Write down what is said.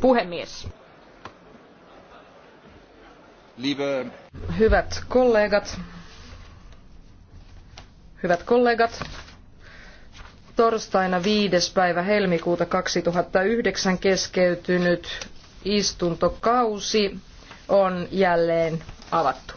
puhemies hyvät kollegat hyvät kollegat torstaina 5. päivä helmikuuta 2009 keskeytynyt istuntokausi on jälleen avattu.